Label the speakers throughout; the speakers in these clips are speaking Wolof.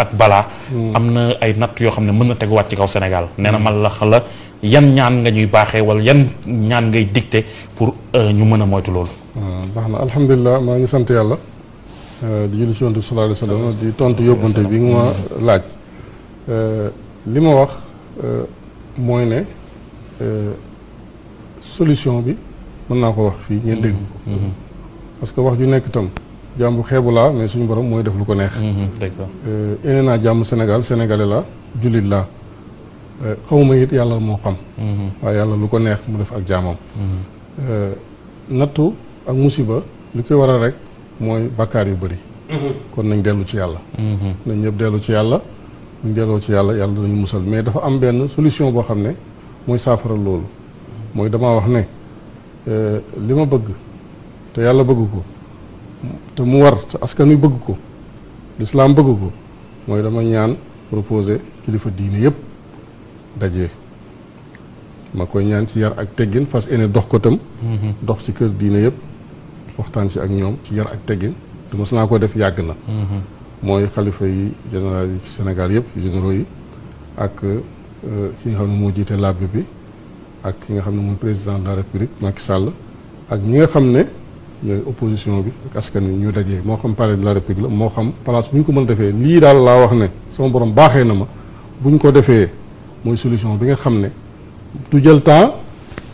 Speaker 1: ak balaa. Hmm. am na ay natt yoo xam ne mën na teguwaat ci kaw Sénégal nee na man la la yan ñaan nga ñuy baaxee wala yan ñaan ngay dicté pour euh, ñu mën a moytu loolu.
Speaker 2: Hmm, baax na alhamdulilah maa ngi sant yàlla euh, di julli ci Yonent bi sallallahu alayhi wasallam di tontu yóbbante bi nga ma laaj euh, li ma wax mooy ne solution bi mën naa ko wax fii ngeen dégg ko hmm, wax ju nekk tam jaam xeebu laa mais suñu borom mooy def lu ko neex. Mhm, d'accord ene euh, naa jàmm Sénégal sénégalais la jullit laa euh, xawma it yàlla moo xam. Mhm. waaye yàlla lu ko neex mu def ak jaamam. Mhm. Euh, nattu ak musiba lu koy waral rek mooy bakkaar yu bëri. kon nañ dellu ci yàlla. nañ ñëpp dellu ci yàlla buñ delloo ci yàlla yàlla dinañu musal mais dafa am benn solution boo xam ne mooy saafara loolu mooy damaa wax ne li ma bëgg te yàlla bëgg ko. te mu war te askan wi bëgg ko lislaam bëgg ko mooy dama ñaan proposé kilifa diine yëpp daje ma koy ñaan ci yar ak teggin fas yéene dox ko tam mm-hmm. dox ci kër diine yëpp waxtaan ci ak ñoom ci yar ak teggin te mos naa ko def yàgg na mm-hmm. mooy xalifa yi général yi ci Sénégal yëpp généraux yi ak euh, ki nga xam ne moo jiite labbe bi ak ki nga xam ne mooy président de la république Macky Sall ak ñi nga xam ne ñooy opposition bi ak askan bi ñu dajee moo xam pare de la république la moo xam place bu ñu ko mën defee lii daal laa wax ne sama borom baaxee na ma bu ñu ko defee mooy solution bi nga xam ne du jël temps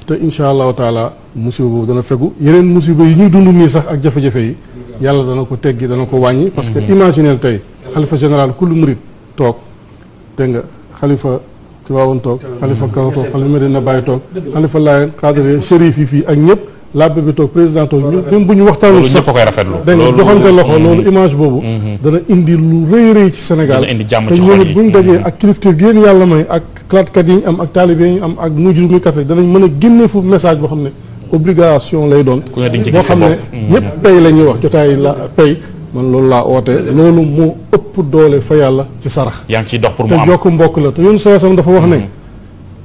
Speaker 2: te incha allah taala musiba boobu dana fegu yeneen musiba yi ñuy dund nii sax ak jafe-jafe yi yàlla dana ko teggi dana ko wàññi parce que mhm. imaginer tey xalifa général kul murit toog te nga xalifa Tiwaawoon toog xalifa Kaw toog xalifa Medina Baye toog xalifa Laayeen xaadare chérif yi fii ak ñëpp labbe bi toog président toog ñu même bu ñu waxtaanul sax ñëpp koy rafetlu dégg nga joxante loxo loolu image boobu mm-hmm. dana indi lu rëy rëy ci Sénégal te ñooñu bu dajee mm-hmm. ak kilifteef gi yéen yàlla may ak xalaatkat yi am ak taalibe yi ñu am ak mujur muy café danañ mën a génne foofu message boo xam ne obligation lay doon boo xam ne mm-hmm. ñëpp pay la wax jotaay la pay man loolu laa oote loolu moo ëpp doole fa yàlla ci sarax
Speaker 1: yaa ngi dox pour mu am te jokk
Speaker 2: mbokk la te yoonu saraxam dafa wax ne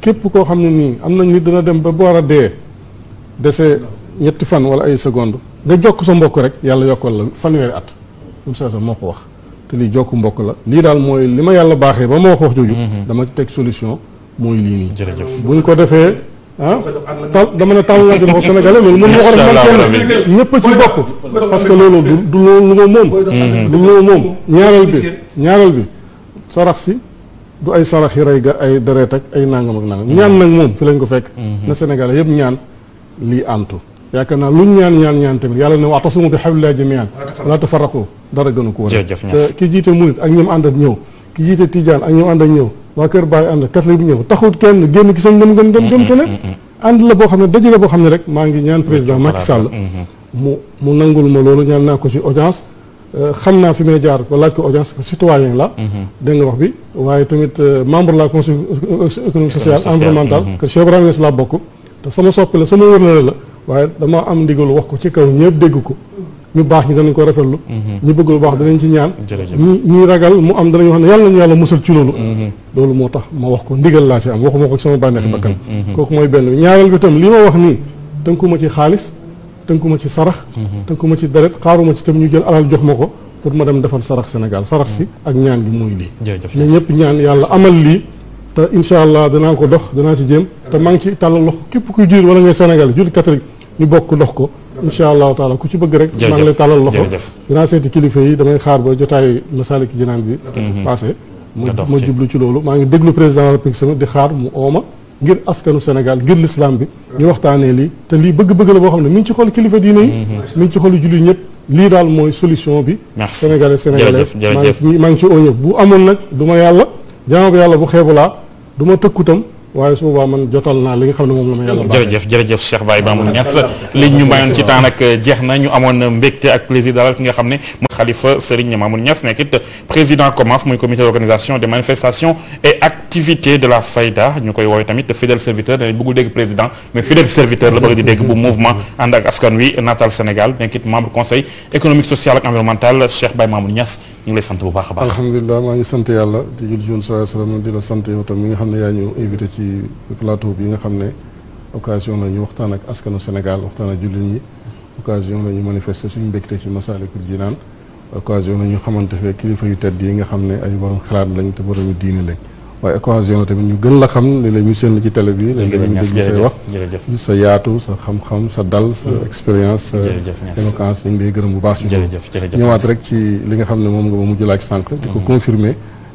Speaker 2: képp koo xam ne nii am nañ nit dana dem ba bu war a dee dese ñetti fan wala ay seconde nga jokk sa mbokk rek yàlla yokkal la fanweeri at um sa moo ko wax te lii jokk mbokk la lii daal mooy li ma yàlla baaxee ba moo wax wax jooju mm-hmm. dama ci teg solution mooy lii nii buñ ko defee ah dama ne tàll naa ci loxo sénégalais loolu ñëpp ci bokk parce que loolu du du loolu lu ma moom mm-hmm. du lu ma ñaareel bi ñaareel bi sarax si du ay sarax yi rey ga ay deret ak ay nangam ak nangam mm-hmm. ñaan nag moom fi lañ ko fekk na sénégalais yëpp ñaan lii antu yaakaar naa lu ñaan ñaan ñaan tamit yàlla ne wa'tasimu bi hablillahi jamii'an wala tafarraqu dara gënu ko te ki ak ñoom ànd ak ñëw ki jiite tijaan ak ñoom ànd ak ñëw waa kër bàyyi ànd ak catholique ñëw taxut kenn génn ki sañ dem gën dem dem keneen ànd la boo xam ne dajale boo xam ne rek maa ngi ñaan président Macky Sall mm-hmm. mu mu nangul ma loolu ñaan naa ko ci audience euh, xam naa fi may jaar ko laaj ko audience citoyen la mm-hmm. dégg nga wax bi waaye tamit euh, membre la conseil euh, économique social environnemental que mm-hmm. Cheikh Ibrahima Niass laa bokk te sama sama la waaye dama am ndigal wax ko ci kaw ñëpp dégg ko ñu baax ñi danañ ko rafetlu mhm. ñu bëgg lu baax danañ ci ñaan ñi ñuy ragal mu am danañ wax ne yàlla nañu yàlla musal ci loolu mhm. loolu moo tax ma wax ko ndigal laa ci am waxuma ko ci sama bànneexi mhm. bakkan kooku mooy benn bi ñaareel bi tam li ma wax nii tënkuma ci xaalis tënkuma ci sarax tënkuma ci deret xaaruma ci tam ñu jël alal jox ma ko pour ma dem defal sarax Sénégal sarax si ak ñaan gi mooy lii ne ñëpp ñaan yàlla amal lii te incha allah danaa ko dox danaa ci jéem te maa ngi ci tàllal loxo képp kuy jullit wala ngay Sénégal jullit catholique ñu bokk dox ko incha allahu taala ku ci bëgg rek maa ngi lay tàllal loxo dinaa seeti kilifa yi damay xaar ba jotaay Masaalikul Jinaan bi mhm. passé ma jublu ci loolu maa ngi déglu président de la République sama di xaar mu ooma ngir askanu Sénégal ngir l'islam bi ñu waxtaanee lii te lii bëgg-bëgg la boo xam ne mi ngi ci xol kilifa diine yi mhm. mi ngi ci xolu jullit ñëpp lii daal mooy solution bi sénégalais sénégalais maa ngi ci oo ñëpp bu amoon nag du ma yàlla jaamu yàlla bu xeebu laa du tëkkutam waaye su boobaa man jotal naa li nga xam ne moom la ma yàlla
Speaker 1: jërëjëf jërëjëf Cheikh ñu mayoon ci temps nag euh, jeex na ñu amoon euh, mbégte ak plaisir dalal ki nga xam ne mooy xalifa Serigne Mamour Niass nekk it euh, président COMAF muy comité d'organisation des manifestations et activités de la Fayda ñu koy woowee tamit fidèle serviteur dañu bëggul dégg président mais fidèle serviteur la bëgg di dégg bu mouvement ànd ak askan wi natal Sénégal nekk it membre conseil économique social ak environnemental Cheikh Baye Mamour Niass ñu ngi sant bu baax a baax.
Speaker 2: alhamdulilah maa ngi sant yàlla di jël jiwoon saa salaam di la sant yow tam mi nga xam ne yaa ñu invité ci plateau bi nga xam ne occasion la ñu waxtaan ak askanu Sénégal waxtaan ak jullit ñi occasion la ñu manifester suñu mbégte ci Masaalikul Jinaan occasion la ñu xamante fee kilifa yu tedd yi nga xam ne ay borom xalaat lañ te borom diine lañ. waaye occasion la tamit ñu gën la xam li la ñu seen ci tele bi. léegi ñu dégg say wax sa yaatu sa xam-xam sa dal sa mm. expérience sa éloquence dañ lay gërëm bu baax ci loolu ñëwaat rek ci li nga xam ne moom nga ba mujj ak sànq di ko mm-hmm. confirmer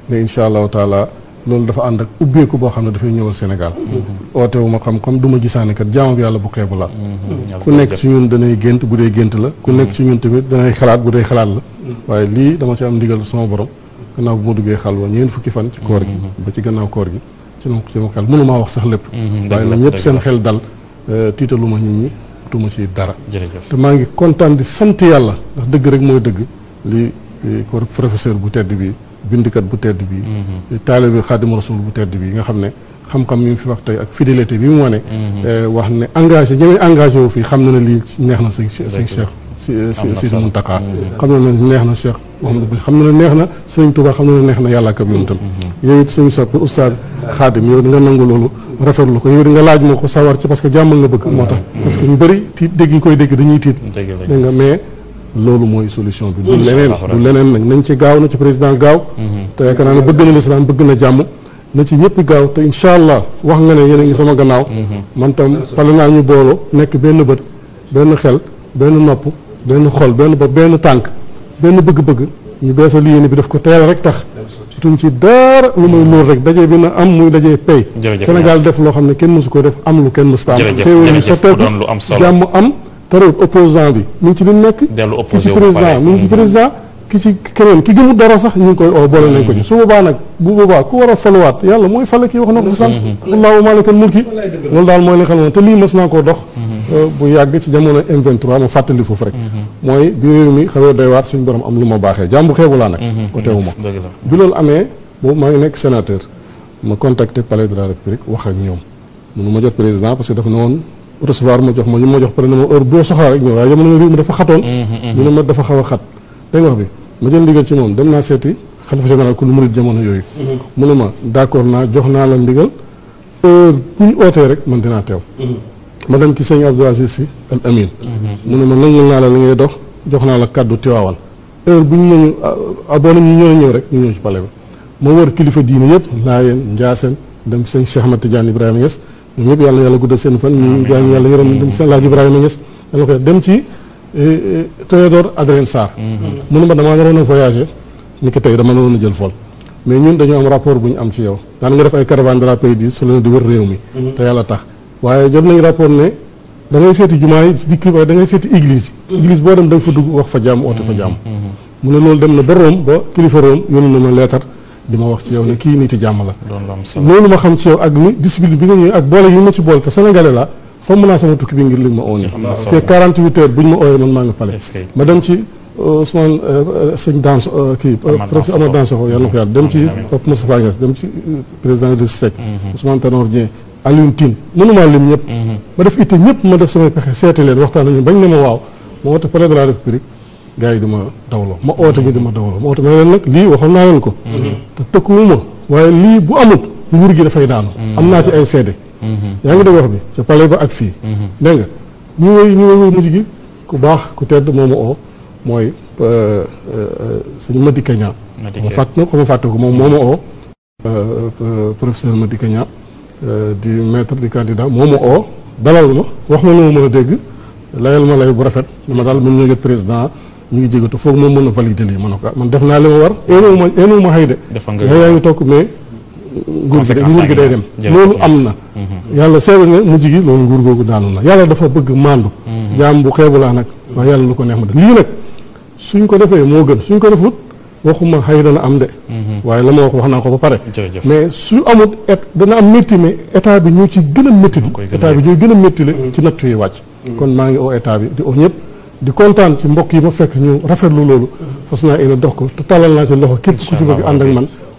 Speaker 2: ne incha allah taala loolu dafa ànd ak ubbeeku boo xam ne dafay ñëwal Sénégal mm-hmm. oote wu ma xam-xam du ma gisaane kat jaamu bi yàlla bu xeebu la mm-hmm. ku nekk ci ñun danay gént bu dee gént la ku nekk si ñun tamit danay xalaat bu dee xalaat la waaye lii dama ci am ndigal sama borom gannaaw bu ma duggee xalwa ñeent fukki fan ci koor gi mhm. ba ci gannaaw koor gi ci la ci ma xel mënumaa wax sax lépp mhm. waaye nag ñëpp seen xel dal euh, tiitaluma nit ñi tuma ci dara te maa ngi kontaan di sant yàlla ndax dëgg rek mooy dëgg li ko professeur bu tedd bi bindikat bu tedd bi mhm. taalibe xaadim rasul bu tedd bi nga xam ne xam-xam yi mu fi wax tey ak fidélité bi mu wane euh, wax ne engage ñooy engagé wu fii xam na ne lii neex na sëñ sëñ Cheikh si si Sidi Mountakha xam na neex na Cheikh boo xam na neex na sëriñ Tuubaa xam ne neex na yàlla ak yonentam mm-hmm. yooyu it suñu sopp oustaz xaadim yow di nga nangu loolu rafetlu ko yow di nga laaj moo ko sawar ci parce que jàmmal nga bëgg mm-hmm. moo tax parce que ñu bëri tiit dégg ñu koy dégg dañuy tiit dégg nga loolu mooy solution bi du leneen du leneen nag nañ ci gaaw na ci président gaaw mm-hmm. te yaakaar naa ne bëgg na lislaam bëgg na jàmm na ci ñëpp gaaw te incha allah wax nga ne yéen a sama gannaaw man tam pale naa ñu benn bët benn xel benn nopp benn xol benn bopp benn tànk benn bëgg-bëgg ñu beesal yéene bi daf ko teel rek tax tuñ ci dara lu mooy loolu rek daje bi na am muy daje pay Sénégal def loo xam ne kenn mësu ko def am lu kenn mësta am xéewal sotteeku jàmm am terewut opposant bi mu ngi ci li nekk mu ngi ci président mu ngi ci président ki ci keneen ki gëmul dara sax ñu ngi koy oo boole nañ ko ci mm-hmm. su boobaa nag bu boobaa ku war a faluwaat yàlla mooy fale ki wax na ko sant mm-hmm. allahu maalikal mulki loolu daal mooy li nga xam koo dox mm-hmm. euh, bu yàgg ci jamono M23 ma fàttali foofu rek mooy bi réew mi xawee doy waat suñu borom ma baaxee jàmbu xeebu laa nag ko teewu ma bi loolu amee boobu maa ngi nekk sénateur ma contacté palais de la république wax ak ñoom mënu ma jot président parce que dafa ne recevoir ma jox ma ñu ma jox pare na ma heure boo soxlaa rek ñëw waaye jamono réew mi dafa xatoon ñu ne ma dafa xaw xat dégg bi ma jël ndigal ci moom dem naa seeti xalifa général ku murid jamono yooyu mhm. mu ne ma d'accord naa jox naa la ndigal heure bu ootee rek man dinaa teew mhm. ma dem ki sëñ Abdou Aziz si al amin mhm. mu ne ma nangul naa la li ngay dox jox naa la kàddu tiwaawal heure bu ñu ñëw abonné ah, ah, ñu ñëw ñëw rek ñu ñëw ci pale bi ma wër kilifa diine yëpp laayeen njaaseen dem sëñ Cheikh Ahmad Tidiane Ibrahima Niass ñoom ñëpp yàlla yàlla guddal seen fan ñu jaañ yàlla yërëm dem seen dem ci Euh, euh, Théodore Adrien Sarr. Mhm. mu ne ma damaa waroon a voyager ni ki tey dama la a jël vol. mais ñun dañoo am rapport bu ñu am ci yow daan nga def ay caravane de la paix di su leen di wër réew mi. Mhm. te yàlla tax waaye jot nañu rapport ne da ngay seeti jumaa yi dikk waaye da seeti église. Mhm. église boo dem da fa dugg wax fa jàmm oote fa jàmm. mu ne loolu dem na ba Rome ba kilifa Rome yónni na ma leetar di ma wax ci yow ne kii nit jàmm la. loolu ma xam ci yow ak ni discipline bi nga ñëw foo mën naa sama tukki bi ngir li ma oo nii. fee 48 heures bu ma ooyee man maa nga pale ma dem ci euh, Ousmane euh, sëñ Dans euh, kii. professeur Amath Dansokho yàlla na ko yàlla dem ci Pape Moustapha dem ci président de SEC. Mhm. Ousmane Tanor Dieng Alioune Tine mënumaa lim ñëpp. Mhm. ma def itte ñëpp ma def samay pexe seeti leen waxtaan ak ñoom bañ ne ma waaw ma woote palais de la république gars yi di ma dawloo ma oote ñu di ma dawloo ma oote ma leen nag lii waxoon naa leen ko. Mhm. te tëkkuwuma waaye lii gi dafay daanu. naa ci yaa ngi dégg wax bi ca palais ba ak fii dégg nga ñu woy mujj gi ku baax ku tedd moomu oo mooy euh, euh, sëñ Madické Niang ma fàtt na ko ma fàtte ko moom moomu oo euh, professeur Madické di maître di candidat moomu oo dalal ma wax ma nu ma mën a dégg layal ma lay bu rafet dama daal mën ñëget président ñu ngi jégatu foog moom mën a valider lii man ko ah, man def naa li ma war éenuma éenuma xëy de yaa ngi toog mais nguur gi nguur gi day dem loolu am na yàlla seetlu ne mujj gi loolu nguur googu daanu na yàlla dafa bëgg màndu mhm. jaam bu xeebu laa nag waaye lu ko neex ma def lii nag suñ ko defee moo gën suñ ko defut waxuma xëy dana am de mhm. waaye la ma wax wax naa ko ba pare mais su amul et dana am métti mais état bi ñoo ci gën a métti état bi ñooy gën a métti mhm. ci nattu yi wàcc kon maa ngi oo état bi di oo ñëpp di kontaan ci mbokk yi ma fekk ñu rafetlu loolu fas naa ina dox ko te talal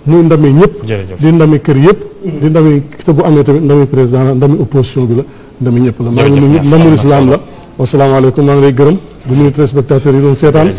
Speaker 2: muy ndami ñëpp di ndami kër yëpp mm-hmm. di ndami te bu amee tamit ndami président la ndami opposition bi la ndami ñëpp la maa ngi ndamul islam la wasalaamaaleykum maa ngi lay gërëm di nuyu téléspectateurs yi doon seetaan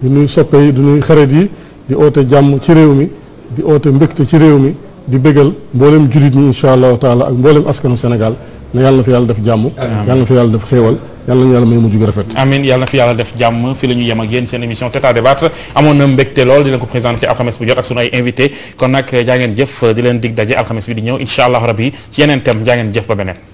Speaker 2: di nuyu soppe yi du nuy xarit yi di oote jàmm ci réew mi di oote mbégte ci réew mi di bëggal mboolem jullit ñi incha allahu taala ak mboolem askanu Sénégal na yàlla na fi yàlla def jàmm yàlla na fi yàlla def xéewal yàlla na yàlla may mujj gu rafet
Speaker 1: amiin yàlla na fi yàlla def jàmm fi la yem ak yéen seen émission c'est à débattre amoon na mbégte lool di leen ko présenté alxames bu jot ak sunu ay invité kon nag jaa ngeen jëf di leen dig daje alxames bi di ñëw incha allah rabi ci yeneen thème jaa ngeen jëf ba beneen